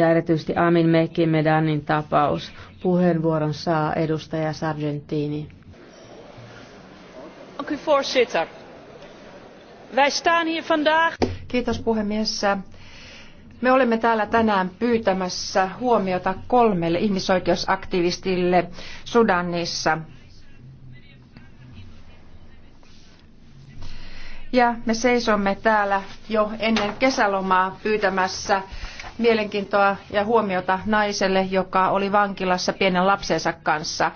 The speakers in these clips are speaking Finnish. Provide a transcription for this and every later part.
ja erityisesti Amin Mekki Medanin tapaus. Puheenvuoron saa edustaja Sargentini. Kiitos puhemies. Me olemme täällä tänään pyytämässä huomiota kolmelle ihmisoikeusaktivistille Sudanissa. Ja me seisomme täällä jo ennen kesälomaa pyytämässä mielenkiintoa ja huomiota naiselle, joka oli vankilassa pienen lapsensa kanssa.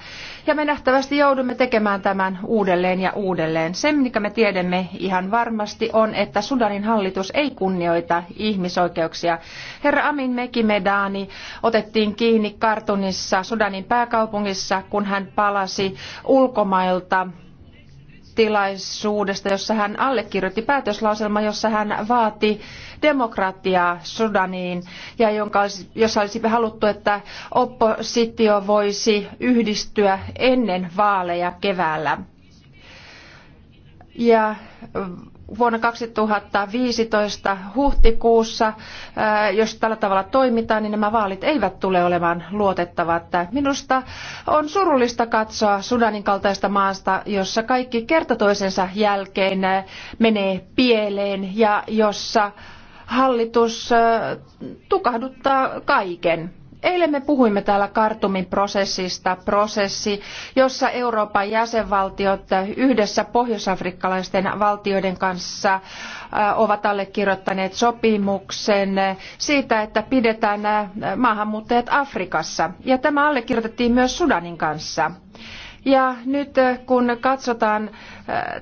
Ja me nähtävästi joudumme tekemään tämän uudelleen ja uudelleen. Se, mikä me tiedämme ihan varmasti, on, että Sudanin hallitus ei kunnioita ihmisoikeuksia. Herra Amin Mekimedani otettiin kiinni Kartunissa, Sudanin pääkaupungissa, kun hän palasi ulkomailta tilaisuudesta, jossa hän allekirjoitti päätöslauselma, jossa hän vaati demokratiaa Sudaniin ja jonka olisi, jossa olisi haluttu, että oppositio voisi yhdistyä ennen vaaleja keväällä. Ja vuonna 2015 huhtikuussa, jos tällä tavalla toimitaan, niin nämä vaalit eivät tule olemaan luotettavat. Minusta on surullista katsoa Sudanin kaltaista maasta, jossa kaikki kerta toisensa jälkeen menee pieleen ja jossa hallitus tukahduttaa kaiken. Eilen me puhuimme täällä Kartumin prosessista, prosessi, jossa Euroopan jäsenvaltiot yhdessä pohjoisafrikkalaisten valtioiden kanssa äh, ovat allekirjoittaneet sopimuksen siitä, että pidetään äh, maahanmuuttajat Afrikassa. Ja tämä allekirjoitettiin myös Sudanin kanssa. Ja nyt äh, kun katsotaan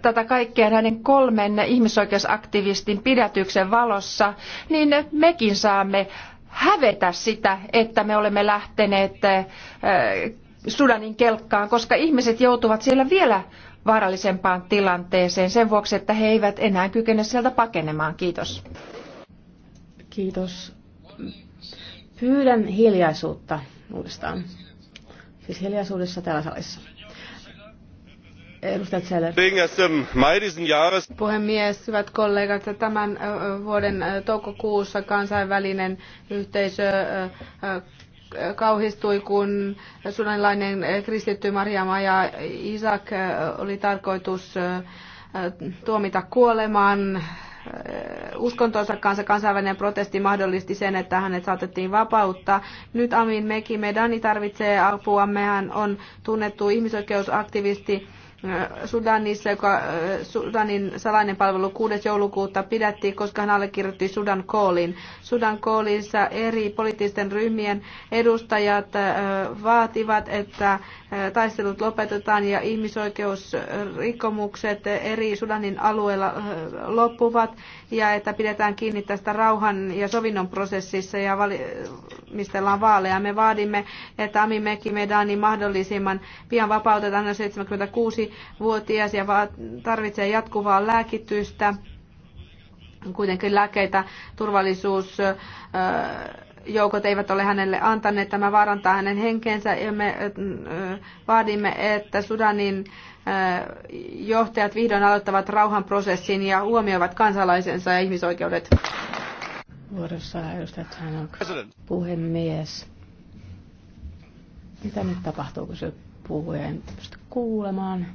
tätä kaikkea näiden kolmen ihmisoikeusaktivistin pidätyksen valossa, niin mekin saamme hävetä sitä, että me olemme lähteneet eh, Sudanin kelkkaan, koska ihmiset joutuvat siellä vielä vaarallisempaan tilanteeseen sen vuoksi, että he eivät enää kykene sieltä pakenemaan. Kiitos. Kiitos. Pyydän hiljaisuutta uudestaan. Siis hiljaisuudessa täällä salissa. Puhemies, hyvät kollegat, tämän vuoden toukokuussa kansainvälinen yhteisö kauhistui, kun sudanilainen kristitty Maria ja Isak oli tarkoitus tuomita kuolemaan uskontonsa kanssa kansainvälinen protesti mahdollisti sen, että hänet saatettiin vapauttaa. Nyt Amin Meki Medani tarvitsee apua. Hän on tunnettu ihmisoikeusaktivisti Äh, Sudanissa, joka äh, Sudanin salainen palvelu 6. joulukuuta pidätti, koska hän allekirjoitti Sudan koolin. Sudan Koolissa eri poliittisten ryhmien edustajat äh, vaativat, että taistelut lopetetaan ja ihmisoikeusrikkomukset eri Sudanin alueella loppuvat ja että pidetään kiinni tästä rauhan ja sovinnon prosessissa ja valmistellaan vaaleja. Me vaadimme, että Ami Mekki Medani mahdollisimman pian vapautetaan 76-vuotias ja tarvitsee jatkuvaa lääkitystä. Kuitenkin lääkkeitä turvallisuus joukot eivät ole hänelle antaneet. Tämä vaarantaa hänen henkeensä ja me vaadimme, että Sudanin johtajat vihdoin aloittavat rauhanprosessin ja huomioivat kansalaisensa ja ihmisoikeudet puheenvuorossa edustaja Tanok. Puhemies. Mitä nyt tapahtuu, kun se ja en pysty kuulemaan?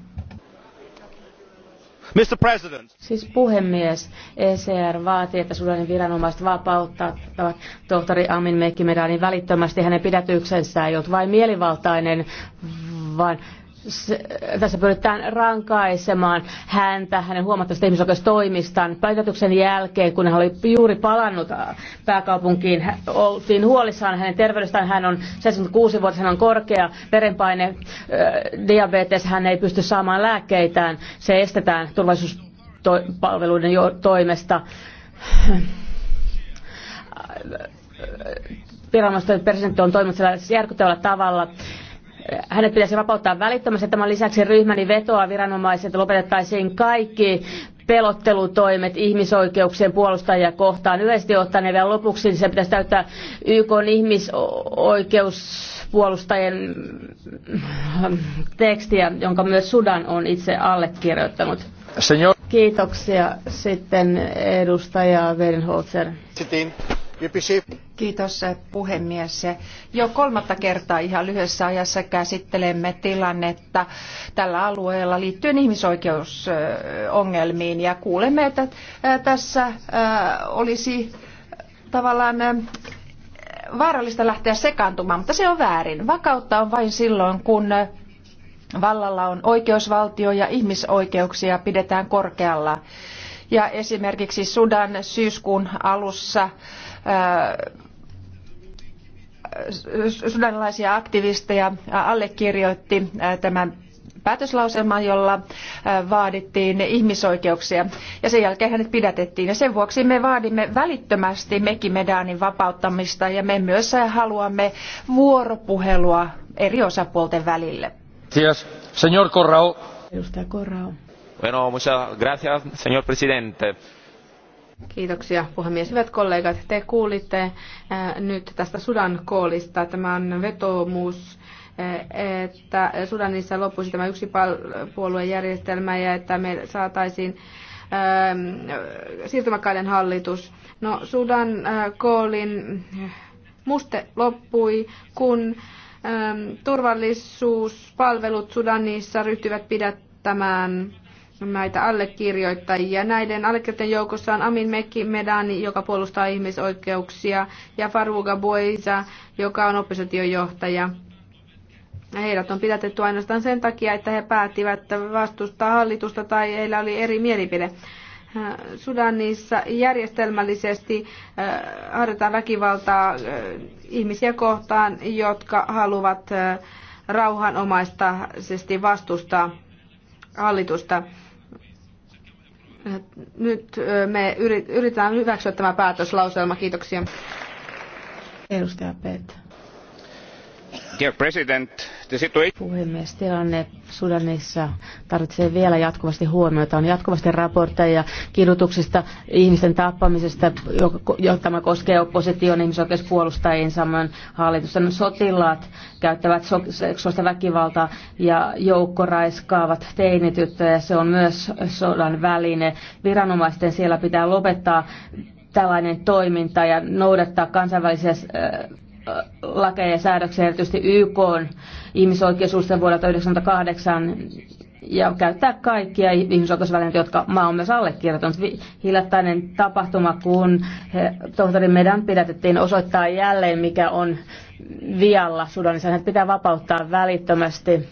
Mr. President. Siis puhemies, ECR vaatii, että Sudanin viranomaiset vapauttavat tohtori Amin Mekkimedanin välittömästi hänen pidätyksensä ei ollut vain mielivaltainen, vaan tässä pyritään rankaisemaan häntä hänen huomattavasti ihmisoikeustoimistaan. Päivätyksen jälkeen, kun hän oli juuri palannut äh, pääkaupunkiin, oltiin huolissaan hänen terveydestään. Hän on 76 vuotta hän on korkea verenpaine, äh, diabetes, hän ei pysty saamaan lääkkeitään. Se estetään turvallisuuspalveluiden jo, toimesta. Äh, äh, Viranomaisten presidentti on toiminut järkyttävällä tavalla hänet pitäisi vapauttaa välittömästi. Tämän lisäksi ryhmäni vetoaa viranomaiset, että lopetettaisiin kaikki pelottelutoimet ihmisoikeuksien puolustajia kohtaan. Yleisesti ottaen ja vielä lopuksi niin se pitäisi täyttää YK ihmisoikeuspuolustajien ähm, tekstiä, jonka myös Sudan on itse allekirjoittanut. Senor. Kiitoksia sitten edustaja Wernholzer. Sitten. Kiitos eh, puhemies. Jo kolmatta kertaa ihan lyhyessä ajassa käsittelemme tilannetta tällä alueella liittyen ihmisoikeusongelmiin ja kuulemme, että eh, tässä eh, olisi tavallaan vaarallista lähteä sekaantumaan, mutta se on väärin. Vakautta on vain silloin, kun vallalla on oikeusvaltio ja ihmisoikeuksia pidetään korkealla. Ja esimerkiksi Sudan syyskuun alussa sudanilaisia aktivisteja allekirjoitti tämän päätöslauselman, jolla vaadittiin ihmisoikeuksia ja sen jälkeen hänet pidätettiin. Ja sen vuoksi me vaadimme välittömästi Mekimedanin vapauttamista ja me myös haluamme vuoropuhelua eri osapuolten välille. Kiitos. Señor Corrao. Edustaja Corrao. Bueno, muchas gracias, señor presidente. Kiitoksia puhemies. Hyvät kollegat, te kuulitte äh, nyt tästä Sudan koolista. Tämä on vetoomus äh, että Sudanissa loppuisi tämä yksi puoluejärjestelmä ja että me saataisiin ähm, siirtymäkauden hallitus. No Sudan äh, koolin muste loppui, kun ähm, turvallisuuspalvelut Sudanissa ryhtyivät pidättämään näitä allekirjoittajia. Näiden allekirjoittajien joukossa on Amin Mekki Medani, joka puolustaa ihmisoikeuksia, ja Faruga Boisa, joka on oppositiojohtaja. Heidät on pidätetty ainoastaan sen takia, että he päättivät vastustaa hallitusta tai heillä oli eri mielipide. Sudanissa järjestelmällisesti äh, harjoitetaan väkivaltaa äh, ihmisiä kohtaan, jotka haluavat äh, rauhanomaisesti vastustaa hallitusta. Nyt me yritetään hyväksyä tämä päätöslauselma. Kiitoksia. Edustaja Pet. Dear President, Puhemies, tilanne Sudanissa tarvitsee vielä jatkuvasti huomiota. On jatkuvasti raportteja kidutuksista, ihmisten tappamisesta, joka tämä koskee opposition ihmisoikeuspuolustajien, samoin hallituksen sotilaat käyttävät seksuaalista väkivaltaa ja joukkoraiskaavat teinityttöjä. Se on myös sodan väline. Viranomaisten siellä pitää lopettaa tällainen toiminta ja noudattaa kansainvälisiä äh, lakeja ja säädöksiä, erityisesti YK ihmisoikeussuusten vuodelta 1998 ja käyttää kaikkia ihmisoikeusvälineitä, jotka maa on myös allekirjoittanut. Hiljattainen tapahtuma, kun tohtori meidän pidätettiin osoittaa jälleen, mikä on vialla Sudanissa. Hänet pitää vapauttaa välittömästi.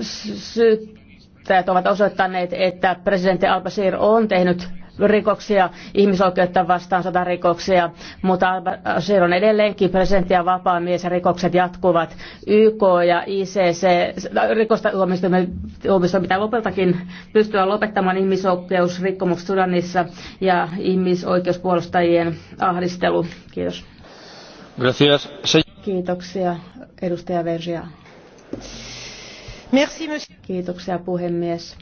Syyttäjät ovat osoittaneet, että presidentti Al-Bashir on tehnyt rikoksia, ihmisoikeutta vastaan sata rikoksia, mutta Al-Bashir on edelleenkin presidentti ja vapaa mies ja rikokset jatkuvat. YK ja ICC, rikosta tuomista pitää lopeltakin pystyä lopettamaan ihmisoikeusrikkomukset Sudanissa ja ihmisoikeuspuolustajien ahdistelu. Kiitos. Gracias. Kiitoksia, edustaja Vergia. Merci, Kiitoksia puhemies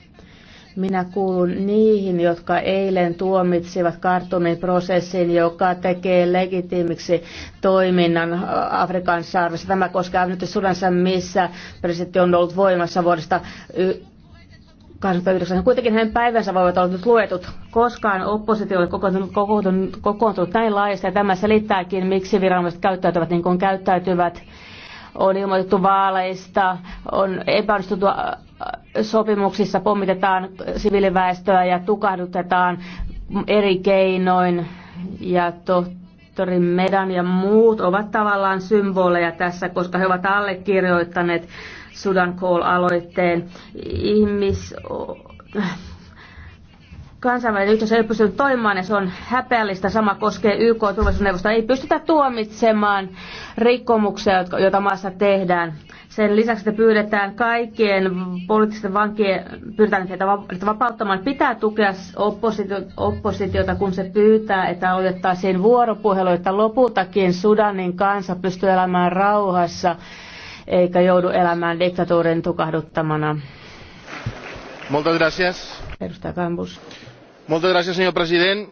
minä kuulun niihin, jotka eilen tuomitsivat kartumin prosessin, joka tekee legitiimiksi toiminnan Afrikan saaressa. Tämä koskee nyt sudansa, missä presidentti on ollut voimassa vuodesta 2009. Kuitenkin hänen päivänsä voivat olla nyt luetut. Koskaan oppositio ei kokoontunut, kokoontunut, kokoontunut näin laajasti ja tämä selittääkin, miksi viranomaiset käyttäytyvät niin kuin käyttäytyvät. On ilmoitettu vaaleista, on epäonnistuttu sopimuksissa pommitetaan siviiliväestöä ja tukahdutetaan eri keinoin ja tohtori Medan ja muut ovat tavallaan symboleja tässä, koska he ovat allekirjoittaneet Sudan Call-aloitteen ihmis kansainvälinen yhteisö ei pystynyt toimimaan ja se on häpeällistä. Sama koskee YK turvallisuusneuvosta. Ei pystytä tuomitsemaan rikkomuksia, joita maassa tehdään. Sen lisäksi, että pyydetään kaikkien poliittisten vankien, pyydetään heitä vapauttamaan, pitää tukea oppositio, oppositiota, kun se pyytää, että otettaisiin vuoropuhelu, että lopultakin Sudanin kansa pystyy elämään rauhassa eikä joudu elämään diktatuurin tukahduttamana. Muchas gracias. Edustaja señor presidente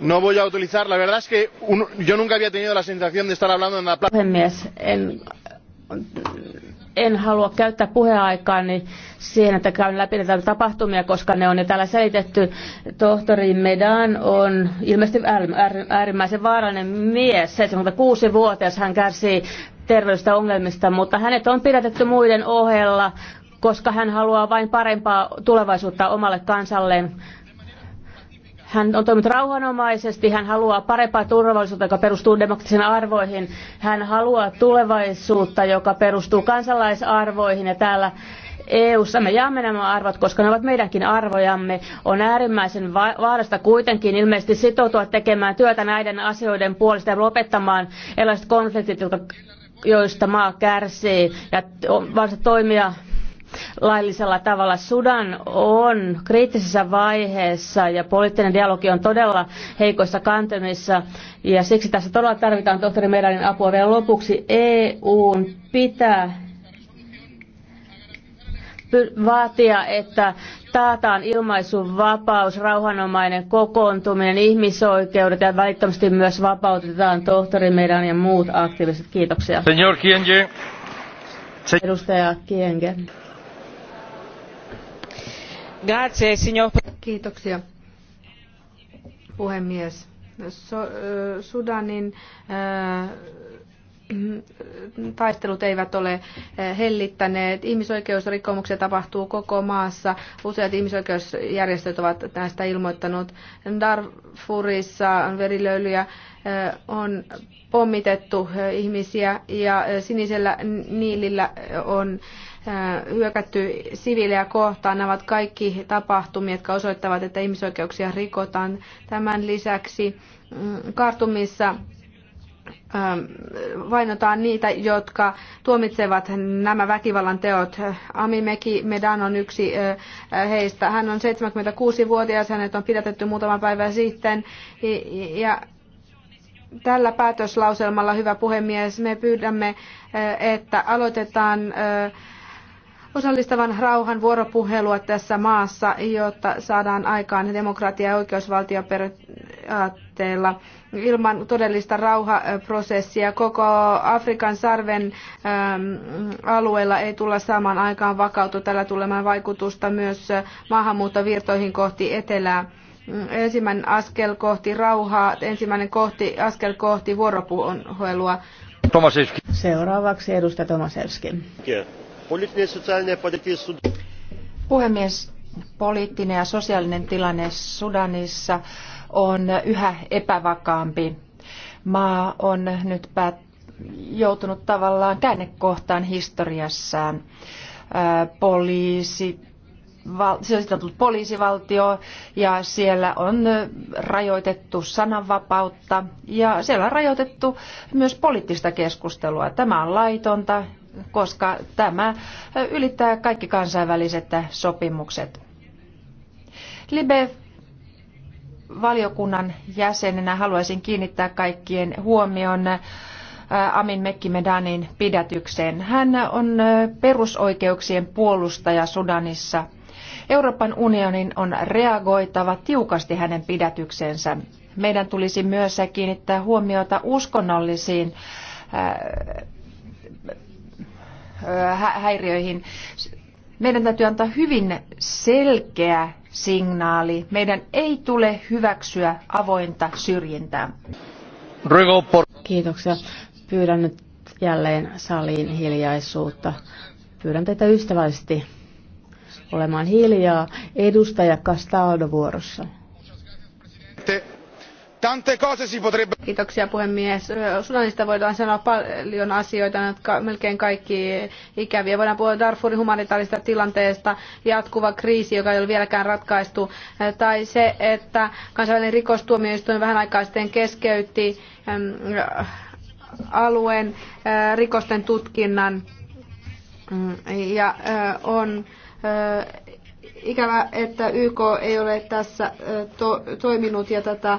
no voy a utilizar la verdad es que yo nunca había tenido la sensación de estar hablando en la plaza. puhemies en, en halua käyttää puheaikaani niin siihen, että käyn läpi näitä tapahtumia, koska ne on jo täällä selitetty. Tohtori Medan on ilmeisesti äärimmäisen vaarallinen mies, 76-vuotias, hän kärsii terveydellisistä ongelmista, mutta hänet on pidätetty muiden ohella, koska hän haluaa vain parempaa tulevaisuutta omalle kansalleen hän on toiminut rauhanomaisesti, hän haluaa parempaa turvallisuutta, joka perustuu demokraattisiin arvoihin. Hän haluaa tulevaisuutta, joka perustuu kansalaisarvoihin ja täällä EU-ssa me jaamme nämä arvot, koska ne ovat meidänkin arvojamme. On äärimmäisen va- vaarasta kuitenkin ilmeisesti sitoutua tekemään työtä näiden asioiden puolesta ja lopettamaan erilaiset konfliktit, jotka, joista maa kärsii ja varsin toimia laillisella tavalla. Sudan on kriittisessä vaiheessa ja poliittinen dialogi on todella heikoissa kantemissa ja siksi tässä todella tarvitaan tohtori Meiranin apua vielä lopuksi. EUn pitää vaatia, että taataan ilmaisuvapaus, vapaus, rauhanomainen kokoontuminen, ihmisoikeudet ja välittömästi myös vapautetaan tohtori meidän ja muut aktiiviset. Kiitoksia. Senor Kienge. Edustaja Kienge arvoisa Kiitoksia, puhemies. Äh, Sudanin äh, taistelut eivät ole äh, hellittäneet. Ihmisoikeusrikkomuksia tapahtuu koko maassa. Useat ihmisoikeusjärjestöt ovat näistä ilmoittanut. Darfurissa on verilöylyjä, on pommitettu ihmisiä ja sinisellä niilillä on hyökätty siviilejä kohtaan. Nämä ovat kaikki tapahtumia, jotka osoittavat, että ihmisoikeuksia rikotaan. Tämän lisäksi mm, kartumissa vainotaan niitä, jotka tuomitsevat nämä väkivallan teot. Meki Medan on yksi heistä. Hän on 76-vuotias, hänet on pidätetty muutama päivä sitten. Ja tällä päätöslauselmalla, hyvä puhemies, me pyydämme, että aloitetaan osallistavan rauhan vuoropuhelua tässä maassa, jotta saadaan aikaan demokratia- ja oikeusvaltioperiaatteella. Ilman todellista rauhaprosessia koko Afrikan sarven ähm, alueella ei tulla saamaan aikaan vakautu. Tällä tulemaan vaikutusta myös maahanmuuttovirtoihin kohti etelää ensimmäinen askel kohti rauhaa, ensimmäinen kohti, askel kohti vuoropuhelua. Seuraavaksi edustaja Tomasevski. Puhemies, poliittinen ja sosiaalinen tilanne Sudanissa on yhä epävakaampi. Maa on nyt joutunut tavallaan käännekohtaan historiassaan. Poliisi, val, on tullut poliisivaltio ja siellä on rajoitettu sananvapautta ja siellä on rajoitettu myös poliittista keskustelua. Tämä on laitonta koska tämä ylittää kaikki kansainväliset sopimukset. Libe valiokunnan jäsenenä haluaisin kiinnittää kaikkien huomion äh, Amin Mekkimedanin pidätykseen. Hän on äh, perusoikeuksien puolustaja Sudanissa. Euroopan unionin on reagoitava tiukasti hänen pidätyksensä. Meidän tulisi myös kiinnittää huomiota uskonnollisiin äh, häiriöihin. Meidän täytyy antaa hyvin selkeä signaali. Meidän ei tule hyväksyä avointa syrjintää. Kiitoksia. Pyydän nyt jälleen saliin hiljaisuutta. Pyydän teitä ystävällisesti olemaan hiljaa. Edustaja Castaldo vuorossa. Tante cose si potrebbe... Kiitoksia puhemies. Sudanista voidaan sanoa paljon asioita, jotka melkein kaikki ikäviä. Voidaan puhua Darfurin humanitaarista tilanteesta, jatkuva kriisi, joka ei ole vieläkään ratkaistu, tai se, että kansainvälinen rikostuomioistuin vähän aikaa sitten keskeytti alueen rikosten tutkinnan mm, ja on ikävä, että YK ei ole tässä toiminut ja tätä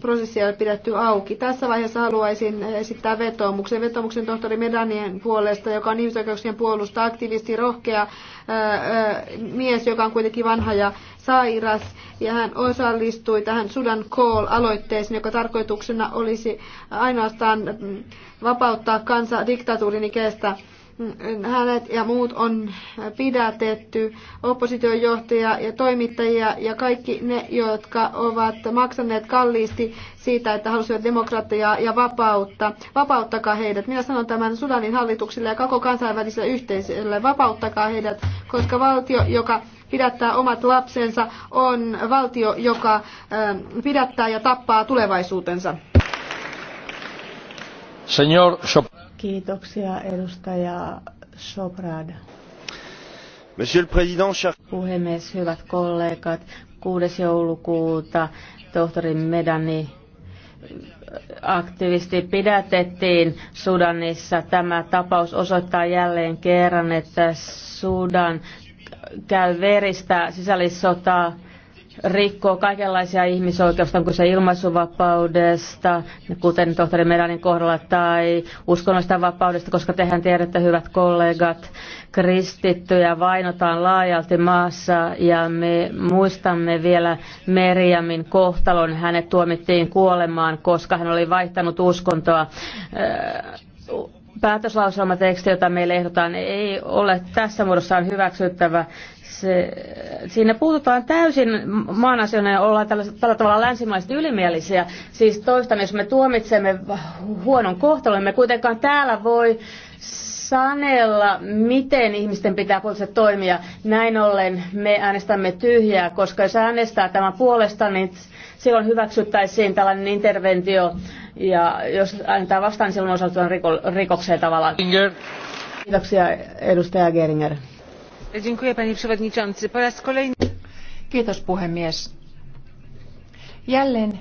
prosessia pidetty auki. Tässä vaiheessa haluaisin esittää vetoomuksen. Vetoomuksen tohtori Medanien puolesta, joka on ihmisoikeuksien puolusta, aktivisti, rohkea mies, joka on kuitenkin vanha ja sairas. Ja hän osallistui tähän Sudan Call-aloitteeseen, joka tarkoituksena olisi ainoastaan vapauttaa kansa diktatuurin ikästä hänet ja muut on pidätetty, oppositiojohtaja ja toimittajia ja kaikki ne, jotka ovat maksaneet kalliisti siitä, että halusivat demokratiaa ja vapautta. Vapauttakaa heidät. Minä sanon tämän Sudanin hallitukselle ja koko kansainväliselle yhteisölle. Vapauttakaa heidät, koska valtio, joka pidättää omat lapsensa, on valtio, joka ähm, pidättää ja tappaa tulevaisuutensa. Señor Chopin. Kiitoksia edustaja Sobrad. Monsieur le Président, cher... Puhemies, hyvät kollegat, 6. joulukuuta tohtori Medani aktivisti pidätettiin Sudanissa. Tämä tapaus osoittaa jälleen kerran, että Sudan käy veristä sisällissotaa rikkoo kaikenlaisia ihmisoikeuksia, kun se ilmaisuvapaudesta, kuten tohtori Meranin kohdalla, tai uskonnollista vapaudesta, koska tehän tiedätte, hyvät kollegat, kristittyjä vainotaan laajalti maassa ja me muistamme vielä Meriamin kohtalon. Hänet tuomittiin kuolemaan, koska hän oli vaihtanut uskontoa äh, Päätöslauselmateksti, jota meille ehdotaan, ei ole tässä muodossaan hyväksyttävä. Se, siinä puututaan täysin maan asioina ja ollaan tällä, tällä tavalla länsimaisesti ylimielisiä. Siis toistan, jos me tuomitsemme huonon kohtalon, me kuitenkaan täällä voi sanella, miten ihmisten pitää puolustaa toimia. Näin ollen me äänestämme tyhjää, koska jos äänestää tämän puolesta, niin silloin hyväksyttäisiin tällainen interventio ja jos annetaan vastaan, niin silloin osallistutaan riko, rikokseen tavallaan. Geringer. Kiitoksia edustaja Geringer. Kiitos puhemies. Jälleen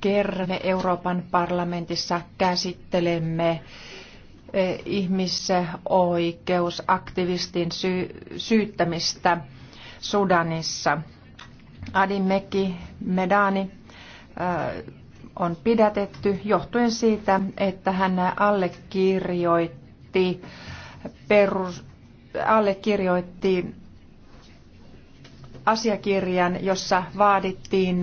kerran Euroopan parlamentissa käsittelemme eh, ihmisoikeusaktivistin sy- syyttämistä Sudanissa. Adimeki Medani on pidätetty johtuen siitä, että hän allekirjoitti, perus, allekirjoitti asiakirjan, jossa vaadittiin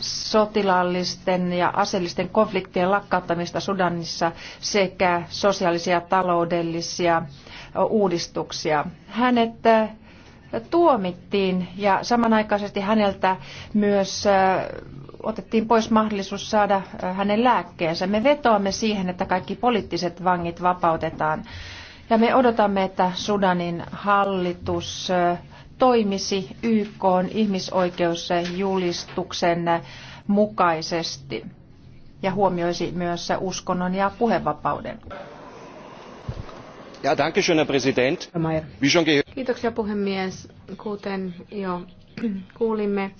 sotilaallisten ja aseellisten konfliktien lakkauttamista Sudanissa sekä sosiaalisia ja taloudellisia uudistuksia. Hänet tuomittiin ja samanaikaisesti häneltä myös otettiin pois mahdollisuus saada hänen lääkkeensä. Me vetoamme siihen, että kaikki poliittiset vangit vapautetaan. Ja me odotamme, että Sudanin hallitus toimisi YK ihmisoikeusjulistuksen mukaisesti ja huomioisi myös uskonnon ja puhevapauden. Ja, danke schön, Herr Präsident. Kiitoksia puhemies. Kuten jo kuulimme,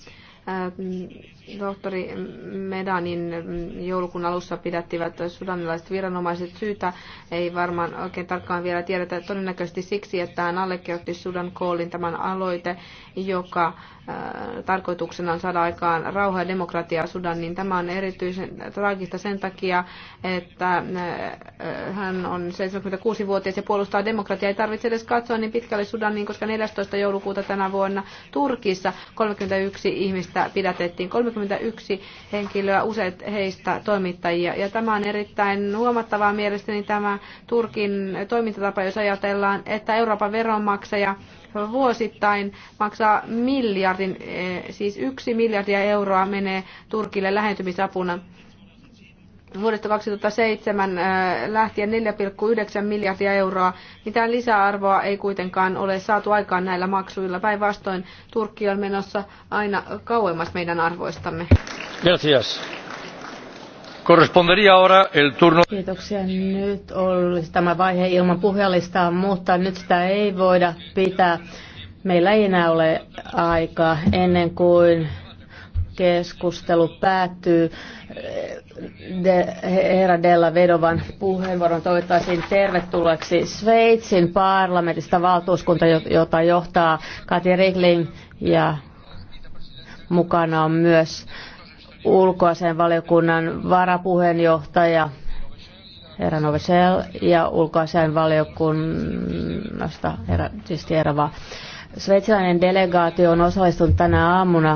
ähm, tohtori Medanin joulukuun alussa pidättivät sudanilaiset viranomaiset syytä. Ei varmaan oikein tarkkaan vielä tiedetä. Todennäköisesti siksi, että hän allekirjoitti Sudan Callin tämän aloite, joka äh, tarkoituksena on saada aikaan rauha ja demokratiaa Sudanin. Niin tämä on erityisen traagista sen takia, että äh, hän on 76-vuotias ja puolustaa demokratiaa. Ei tarvitse edes katsoa niin pitkälle Sudaniin, koska 14. joulukuuta tänä vuonna Turkissa 31 ihmistä pidätettiin. 30 31 henkilöä, useat heistä toimittajia. Ja tämä on erittäin huomattavaa mielestäni tämä Turkin toimintatapa, jos ajatellaan, että Euroopan veronmaksaja vuosittain maksaa miljardin, eh, siis yksi miljardia euroa menee Turkille lähentymisapuna vuodesta 2007 äh, lähtien 4,9 miljardia euroa. Mitään lisäarvoa ei kuitenkaan ole saatu aikaan näillä maksuilla. Päinvastoin Turkki on menossa aina kauemmas meidän arvoistamme. Gracias. Correspondería ahora el turno. Kiitoksia. Nyt olisi tämä vaihe ilman puhujalistaa, mutta nyt sitä ei voida pitää. Meillä ei enää ole aikaa ennen kuin keskustelu päättyy. De, herra Della Vedovan puheenvuoron toivottaisiin tervetulleeksi Sveitsin parlamentista valtuuskunta, jota johtaa Katja Rigling ja mukana on myös ulkoasen valiokunnan varapuheenjohtaja herra Novesel ja ulkoasen valiokunnasta herra siis Sveitsiläinen delegaatio on osallistunut tänä aamuna